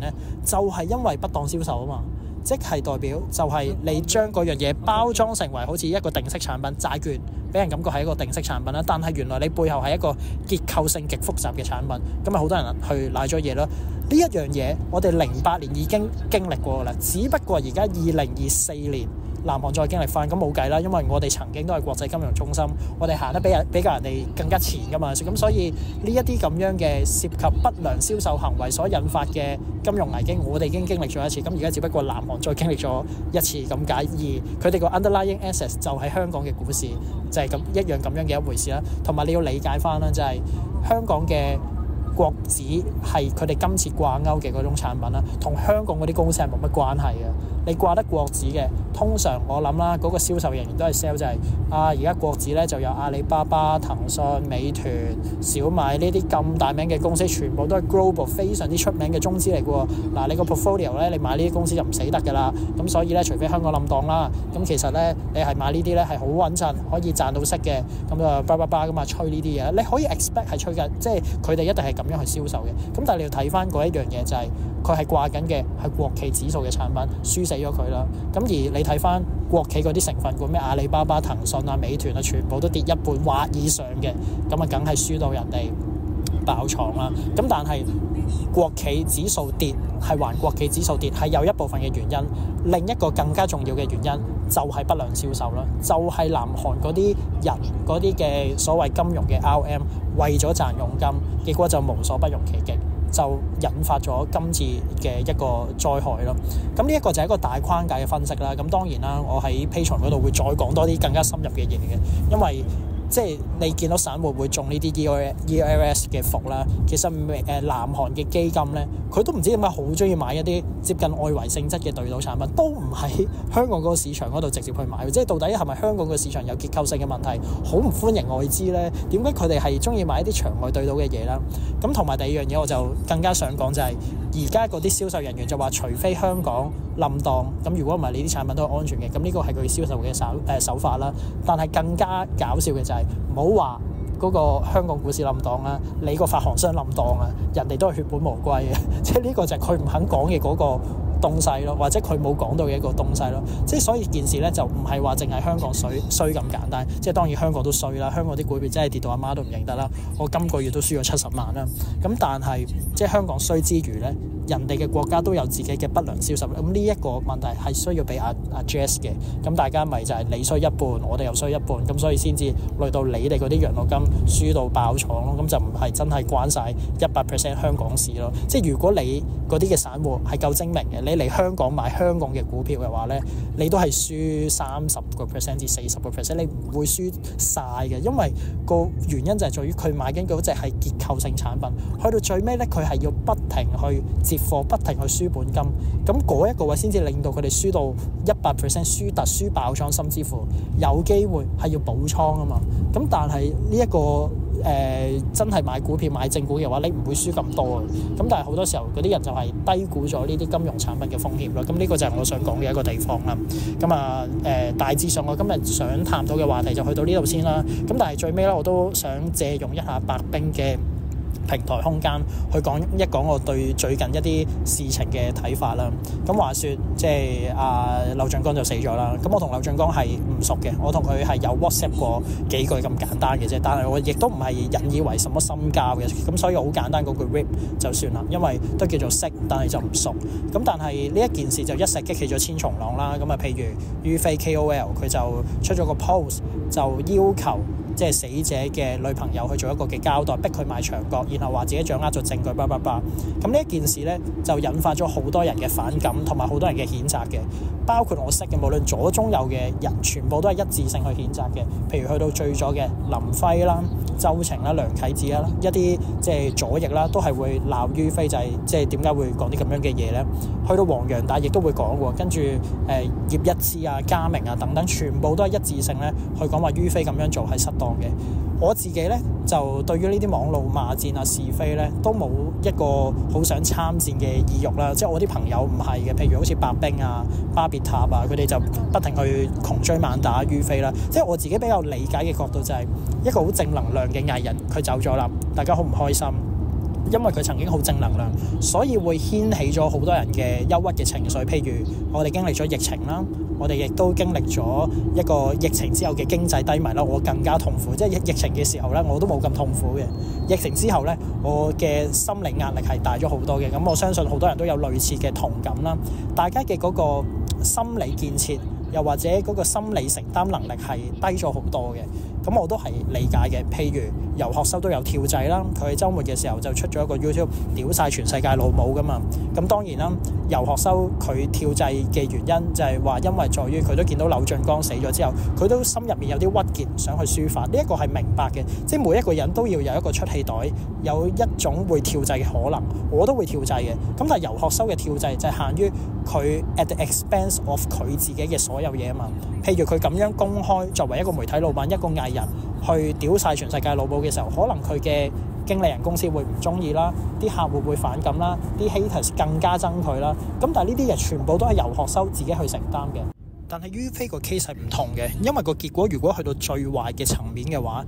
就係因為不當銷售啊嘛，即係代表就係你將嗰樣嘢包裝成為好似一個定息產品債券，俾人感覺係一個定息產品啦。但係原來你背後係一個結構性極複雜嘅產品，咁咪好多人去賴咗嘢咯。呢一樣嘢我哋零八年已經經歷過啦，只不過而家二零二四年。南韓再經歷翻，咁冇計啦，因為我哋曾經都係國際金融中心，我哋行得比人比較人哋更加前噶嘛，咁所以呢一啲咁樣嘅涉及不良銷售行為所引發嘅金融危機，我哋已經經歷咗一次，咁而家只不過南韓再經歷咗一次咁解。而佢哋個 underlying assets 就喺香港嘅股市，就係咁一樣咁樣嘅一回事啦。同埋你要理解翻啦，就係香港嘅國指係佢哋今次掛鈎嘅嗰種產品啦，同香港嗰啲公司係冇乜關係嘅。你掛得國指嘅，通常我諗啦，嗰個銷售人員都係 sell 就係啊，而家國指呢，就有阿里巴巴、騰訊、美團、小米呢啲咁大名嘅公司，全部都係 global 非常之出名嘅中資嚟嘅喎。嗱，你個 portfolio 呢，你買呢啲公司就唔死得嘅啦。咁所以呢，除非香港冧檔啦，咁其實呢，你係買呢啲呢，係好穩陣，可以賺到息嘅。咁就叭叭叭咁啊，吹呢啲嘢，你可以 expect 係吹嘅，即係佢哋一定係咁樣去銷售嘅。咁但係你要睇翻嗰一樣嘢就係佢係掛緊嘅係國企指數嘅產品，俾咗佢啦，咁而你睇翻國企嗰啲成分股，咩阿里巴巴、騰訊啊、美團啊，全部都跌一半或以上嘅，咁啊梗係輸到人哋爆廠啦。咁但係國企指數跌係還國企指數跌係有一部分嘅原因，另一個更加重要嘅原因就係、是、不良銷售啦，就係、是、南韓嗰啲人嗰啲嘅所謂金融嘅 RM 為咗賺佣金，結果就無所不用其極。就引發咗今次嘅一個災害咯。咁呢一個就係一個大框架嘅分析啦。咁當然啦，我喺 Patreon 嗰度會再講多啲更加深入嘅嘢嘅，因為。即係你見到散戶會中呢啲 ELS 嘅伏啦，其實誒南韓嘅基金咧，佢都唔知點解好中意買一啲接近外圍性質嘅對賭產品，都唔喺香港個市場嗰度直接去買嘅。即係到底係咪香港嘅市場有結構性嘅問題，好唔歡迎外資咧？點解佢哋係中意買一啲場外對賭嘅嘢啦？咁同埋第二樣嘢，我就更加想講就係而家嗰啲銷售人員就話，除非香港冧檔，咁如果唔係你啲產品都係安全嘅，咁呢個係佢銷售嘅手誒、呃、手法啦。但係更加搞笑嘅就係、是。唔好話嗰個香港股市冧檔啦，你個發行商冧檔啊，人哋都係血本無歸嘅，即係呢個就係佢唔肯講嘅嗰個東西咯，或者佢冇講到嘅一個東西咯，即係所以件事咧就唔係話淨係香港衰衰咁簡單，即係當然香港都衰啦，香港啲股票真係跌到阿媽都唔認得啦，我今個月都輸咗七十萬啦，咁但係即係香港衰之餘咧。人哋嘅國家都有自己嘅不良銷售率，咁呢一個問題係需要俾 address 嘅。咁大家咪就係你衰一半，我哋又衰一半，咁所以先至累到你哋嗰啲養老金輸到爆廠咯。咁就唔係真係關晒一百 percent 香港市咯。即係如果你嗰啲嘅散戶係夠精明嘅，你嚟香港買香港嘅股票嘅話呢，你都係輸三十個 percent 至四十個 percent，你唔會輸晒嘅。因為個原因就係在於佢買緊嗰隻係結構性產品，去到最尾呢，佢係要不停去。跌，不停去輸本金，咁嗰一個位先至令到佢哋輸到一百 percent，輸突輸爆倉，甚至乎有機會係要補倉啊嘛。咁但係呢一個誒、呃、真係買股票買正股嘅話，你唔會輸咁多嘅。咁但係好多時候嗰啲人就係低估咗呢啲金融產品嘅風險咯。咁呢個就係我想講嘅一個地方啦。咁啊誒、呃，大致上我今日想談到嘅話題就去到呢度先啦。咁但係最尾咧，我都想借用一下白兵嘅平台空間去講一講我對最近一啲事情嘅睇法啦。咁話說，即係啊，劉、呃、俊光就死咗啦。咁我同劉俊光係唔熟嘅，我同佢係有 WhatsApp 過幾句咁簡單嘅啫。但係我亦都唔係引以為什麼深交嘅，咁所以好簡單嗰句 RIP 就算啦。因為都叫做識，但係就唔熟。咁但係呢一件事就一石激起咗千重浪啦。咁啊，譬如於飛 KOL 佢就出咗個 post 就要求。即係死者嘅女朋友去做一個嘅交代，逼佢賣牆角，然後話自己掌握咗證據，叭叭叭。咁呢一件事呢，就引發咗好多人嘅反感，同埋好多人嘅譴責嘅。包括我識嘅，無論左中右嘅人，全部都係一致性去譴責嘅。譬如去到最左嘅林輝啦、周晴啦、梁啟智啦，一啲即係左翼啦，都係會鬧於飛，就係即係點解會講啲咁樣嘅嘢呢？去到黃洋達，亦都會講喎。跟住誒葉一枝啊、家明啊等等，全部都係一致性呢，去講話於飛咁樣做係失當嘅。我自己咧就對於呢啲網絡罵戰啊是非咧，都冇一個好想參戰嘅意欲啦。即係我啲朋友唔係嘅，譬如好似白兵啊、巴別塔啊，佢哋就不停去窮追猛打於非啦。即係我自己比較理解嘅角度就係，是，一個好正能量嘅藝人，佢走咗啦，大家好唔開心。因為佢曾經好正能量，所以會掀起咗好多人嘅憂鬱嘅情緒。譬如我哋經歷咗疫情啦，我哋亦都經歷咗一個疫情之後嘅經濟低迷啦。我更加痛苦，即係疫情嘅時候呢，我都冇咁痛苦嘅。疫情之後呢，我嘅心理壓力係大咗好多嘅。咁我相信好多人都有類似嘅同感啦。大家嘅嗰個心理建設，又或者嗰個心理承擔能力係低咗好多嘅。咁我都係理解嘅。譬如游學修都有跳掣啦，佢喺週末嘅時候就出咗一個 YouTube 屌晒全世界老母㗎嘛。咁當然啦，游學修佢跳掣嘅原因就係話因為在於佢都見到柳俊江死咗之後，佢都心入面有啲鬱結，想去抒發。呢一個係明白嘅，即係每一個人都要有一個出氣袋，有一種會跳掣嘅可能。我都會跳掣嘅。咁但係游學修嘅跳掣就係限於佢 at the expense of 佢自己嘅所有嘢啊嘛。譬如佢咁樣公開作為一個媒體老闆，一個藝人去屌晒全世界老母嘅時候，可能佢嘅經理人公司會唔鍾意啦，啲客戶會，會反感啦，啲 haters 更加憎佢啦。咁但係呢啲嘢全部都係由學生自己去承擔嘅。但係 UFA 個 case 係唔同嘅，因為個結果如果去到最壞嘅層面嘅話。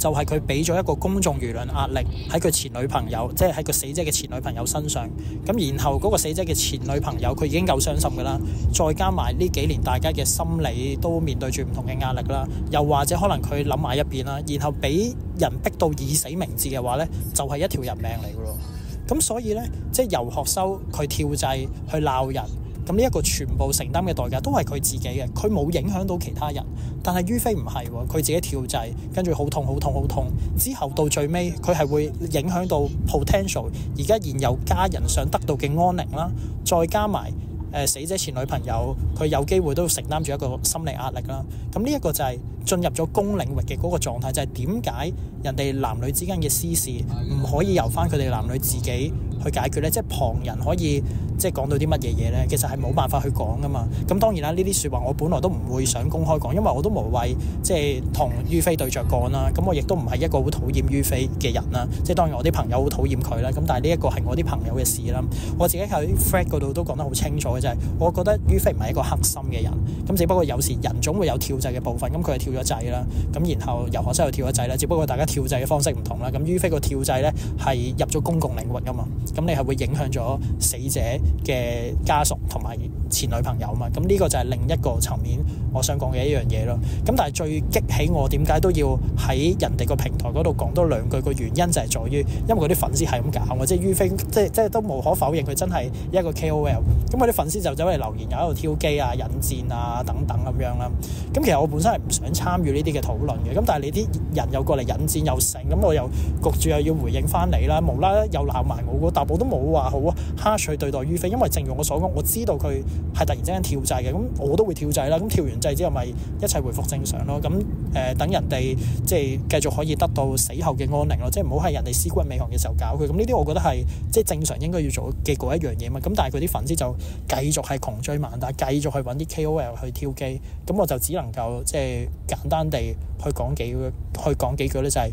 就係佢俾咗一個公眾輿論壓力喺佢前女朋友，即係喺個死者嘅前女朋友身上。咁然後嗰個死者嘅前女朋友，佢已經夠傷心噶啦。再加埋呢幾年大家嘅心理都面對住唔同嘅壓力啦。又或者可能佢諗埋一邊啦，然後俾人逼到以死明志嘅話呢就係、是、一條人命嚟噶咯。咁所以呢，即係游學修佢跳掣去鬧人。咁呢一個全部承擔嘅代價都係佢自己嘅，佢冇影響到其他人。但係於飛唔係，佢自己跳軌，跟住好痛、好痛、好痛。之後到最尾，佢係會影響到 potential，而家現有家人想得到嘅安寧啦，再加埋誒、呃、死者前女朋友，佢有機會都承擔住一個心理壓力啦。咁呢一個就係、是，進入咗公領域嘅嗰個狀態，就係點解人哋男女之間嘅私事唔可以由翻佢哋男女自己去解決呢？即係旁人可以即係講到啲乜嘢嘢呢？其實係冇辦法去講噶嘛。咁當然啦，呢啲説話我本來都唔會想公開講，因為我都無謂即係同於飛對着講啦。咁我亦都唔係一個好討厭於飛嘅人啦。即係當然我啲朋友好討厭佢啦。咁但係呢一個係我啲朋友嘅事啦。我自己喺 Fred 嗰度都講得好清楚嘅就係，我覺得於飛唔係一個黑心嘅人。咁只不過有時人總會有跳掣嘅部分，咁佢係跳咗制啦，咁然後遊學生度跳咗制啦，只不過大家跳制嘅方式唔同啦。咁於飛個跳制咧係入咗公共領域噶嘛，咁你係會影響咗死者嘅家屬同埋前女朋友嘛？咁呢個就係另一個層面，我想講嘅一樣嘢咯。咁但係最激起我點解都要喺人哋個平台嗰度講多兩句嘅原因就係在於，因為嗰啲粉絲係咁搞，即係於飛，即係即係都無可否認佢真係一個 K.O.L。咁嗰啲粉絲就走嚟留言，又喺度挑機啊、引戰啊等等咁樣啦。咁、啊、其實我本身係唔想。參與呢啲嘅討論嘅，咁但係你啲人又過嚟引戰又成，咁我又焗住又要回應翻你啦，無啦啦又鬧埋我個答案，但係我都冇話好 harsh 對待於飛，因為正如我所講，我知道佢係突然之間跳制嘅，咁我都會跳制啦，咁跳完制之後咪一切回復正常咯，咁誒、呃、等人哋即係繼續可以得到死後嘅安寧咯，即係唔好喺人哋屍骨未寒嘅時候搞佢，咁呢啲我覺得係即係正常應該要做嘅嗰一樣嘢嘛，但係佢啲粉絲就繼續係窮追猛打，繼續去揾啲 KOL 去挑機，咁我就只能夠即係。簡單地去講幾句，去講幾句咧、就係，就係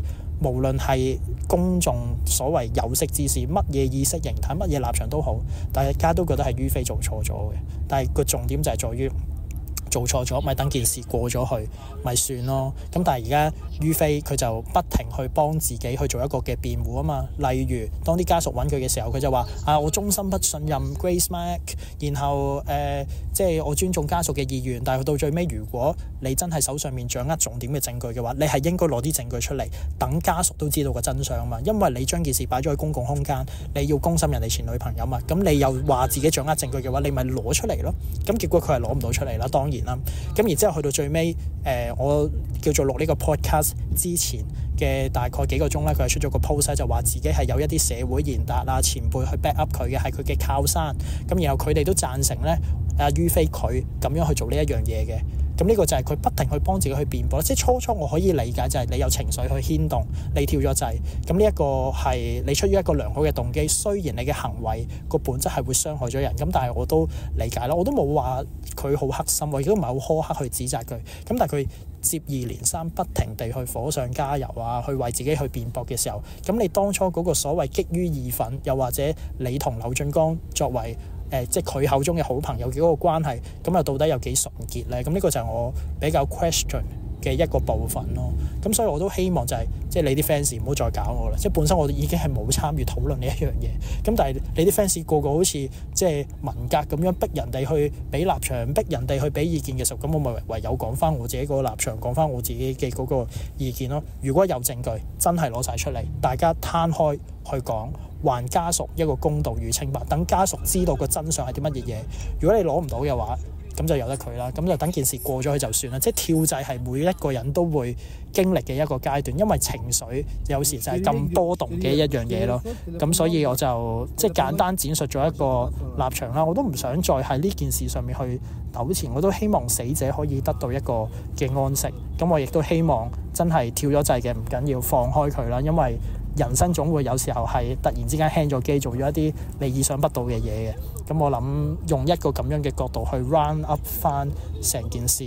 無論係公眾所謂有識之士，乜嘢意識形態、乜嘢立場都好，大家都覺得係於飛做錯咗嘅。但係個重點就係在於。做錯咗咪等件事過咗去咪算咯。咁但係而家於飛佢就不停去幫自己去做一個嘅辯護啊嘛。例如當啲家屬揾佢嘅時候，佢就話啊，我衷心不信任 Grace Mack，然後誒即係我尊重家屬嘅意願。但係到最尾，如果你真係手上面掌握重點嘅證據嘅話，你係應該攞啲證據出嚟，等家屬都知道個真相啊嘛。因為你將件事擺咗喺公共空間，你要公審人哋前女朋友嘛。咁你又話自己掌握證據嘅話，你咪攞出嚟咯。咁結果佢係攞唔到出嚟啦，當然。咁、嗯、然之後去到最尾，誒、呃，我叫做錄呢個 podcast 之前嘅大概幾個鐘咧，佢係出咗個 post 就話自己係有一啲社會賢達啊，前輩去 back up 佢嘅係佢嘅靠山。咁然後佢哋都贊成呢，阿于飛佢咁樣去做呢一樣嘢嘅。咁呢個就係佢不停去幫自己去辯駁，即係初初我可以理解就係你有情緒去牽動，你跳咗掣。咁呢一個係你出於一個良好嘅動機，雖然你嘅行為個本質係會傷害咗人，咁但係我都理解啦，我都冇話佢好黑心，我亦都唔係好苛刻去指責佢。咁但係佢接二連三不停地去火上加油啊，去為自己去辯駁嘅時候，咁你當初嗰個所謂激於義憤，又或者你同劉俊剛作為，誒，即係佢口中嘅好朋友嘅嗰個關係，咁又到底有幾純潔咧？咁呢個就係我比較 question 嘅一個部分咯，咁所以我都希望就係，即係你啲 fans 唔好再搞我啦。即係本身我哋已經係冇參與討論呢一樣嘢，咁但係你啲 fans 個個好似即係文革咁樣逼人哋去俾立場，逼人哋去俾意見嘅時候，咁我咪唯有講翻我自己個立場，講翻我自己嘅嗰個意見咯。如果有證據真係攞晒出嚟，大家攤開去講，還家屬一個公道與清白，等家屬知道個真相係啲乜嘢嘢。如果你攞唔到嘅話，咁就由得佢啦，咁就等件事過咗去就算啦。即係跳掣係每一個人都會經歷嘅一個階段，因為情緒有時就係咁波動嘅一樣嘢咯。咁所以我就即係簡單展述咗一個立場啦。我都唔想再喺呢件事上面去糾纏，我都希望死者可以得到一個嘅安息。咁我亦都希望真係跳咗掣嘅唔緊要放開佢啦，因為人生總會有時候係突然之間輕咗機做咗一啲你意想不到嘅嘢嘅。咁、嗯、我諗用一個咁樣嘅角度去 run up 翻成件事，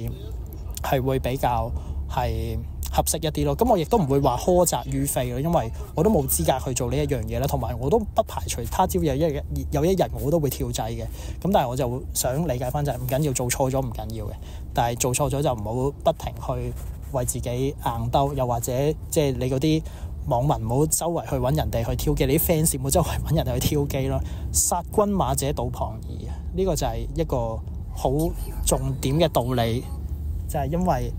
係會比較係合適一啲咯。咁、嗯、我亦都唔會話苛責與非咯，因為我都冇資格去做呢一樣嘢啦。同埋我都不排除，他朝有一日有一日我都會跳掣嘅。咁、嗯、但係我就想理解翻就係，唔緊要做錯咗唔緊要嘅，但係做錯咗就唔好不停去為自己硬兜，又或者即係、就是、你嗰啲。網民唔好周圍去揾人哋去挑機，你啲 fans 唔好周圍揾人哋去挑機咯。殺君馬者，道旁兒。呢個就係一個好重點嘅道理，就係、是、因為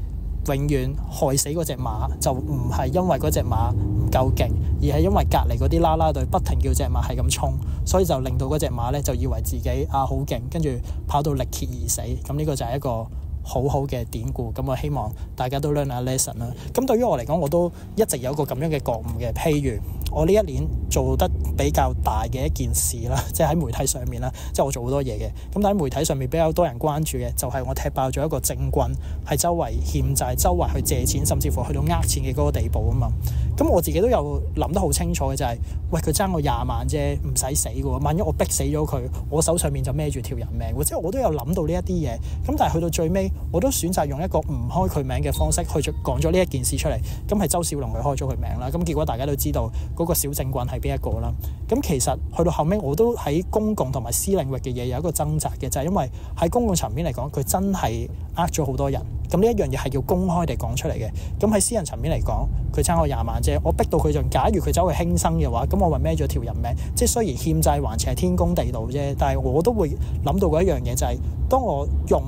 永遠害死嗰隻馬，就唔係因為嗰隻馬唔夠勁，而係因為隔離嗰啲啦啦隊不停叫隻馬係咁衝，所以就令到嗰隻馬呢就以為自己啊好勁，跟住跑到力竭而死。咁呢個就係一個。好好嘅典故，咁我希望大家都 learn 下 lesson 啦。咁對於我嚟講，我都一直有一個咁樣嘅覺悟嘅。譬如我呢一年做得比較大嘅一件事啦，即係喺媒體上面啦，即係我做好多嘢嘅。咁但係媒體上面比較多人關注嘅，就係、是、我踢爆咗一個政棍，係周圍欠債、周圍去借錢，甚至乎去到呃錢嘅嗰個地步啊嘛。咁我自己都有諗得好清楚嘅、就是，就係喂佢爭我廿萬啫，唔使死嘅喎。萬一我逼死咗佢，我手上面就孭住條人命喎。即係我都有諗到呢一啲嘢。咁但係去到最尾。我都選擇用一個唔開佢名嘅方式去講咗呢一件事出嚟。咁係周小龍佢開咗佢名啦。咁結果大家都知道嗰個小政棍係邊一個啦。咁其實去到後尾，我都喺公共同埋私領域嘅嘢有一個掙扎嘅，就係、是、因為喺公共層面嚟講，佢真係呃咗好多人。咁呢一樣嘢係要公開地講出嚟嘅。咁喺私人層面嚟講，佢差我廿萬啫，我逼到佢就。假如佢走去輕生嘅話，咁我咪孭咗條人命。即係雖然欠債還錢係天公地道啫，但係我都會諗到嗰一樣嘢、就是，就係當我用。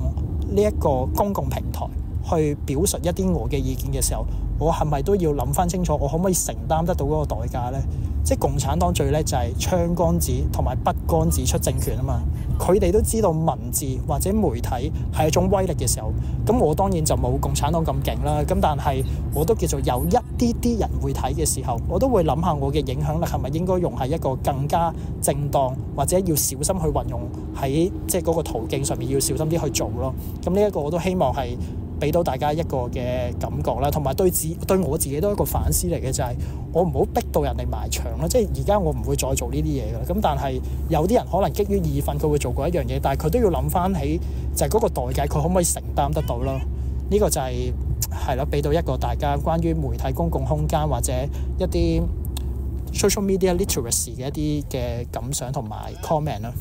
呢一個公共平台去表述一啲我嘅意見嘅時候。我係咪都要諗返清楚，我可唔可以承擔得到嗰個代價呢？即係共產黨最叻就係槍桿子同埋筆桿子出政權啊嘛！佢哋都知道文字或者媒體係一種威力嘅時候，咁我當然就冇共產黨咁勁啦。咁但係我都叫做有一啲啲人會睇嘅時候，我都會諗下我嘅影響力係咪應該用喺一個更加正當或者要小心去運用喺即係嗰個途徑上面要小心啲去做咯。咁呢一個我都希望係。俾到大家一個嘅感覺啦，同埋對自對我自己都係一個反思嚟嘅，就係我唔好逼到人哋埋牆啦。即係而家我唔會再做呢啲嘢㗎啦。咁但係有啲人可能激於義憤，佢會做過一樣嘢，但係佢都要諗翻起就係嗰個代價，佢可唔可以承擔得到咯？呢個就係係咯，俾到一個大家關於媒體公共空間或者一啲 social media literacy 嘅一啲嘅感想同埋 comment 啦。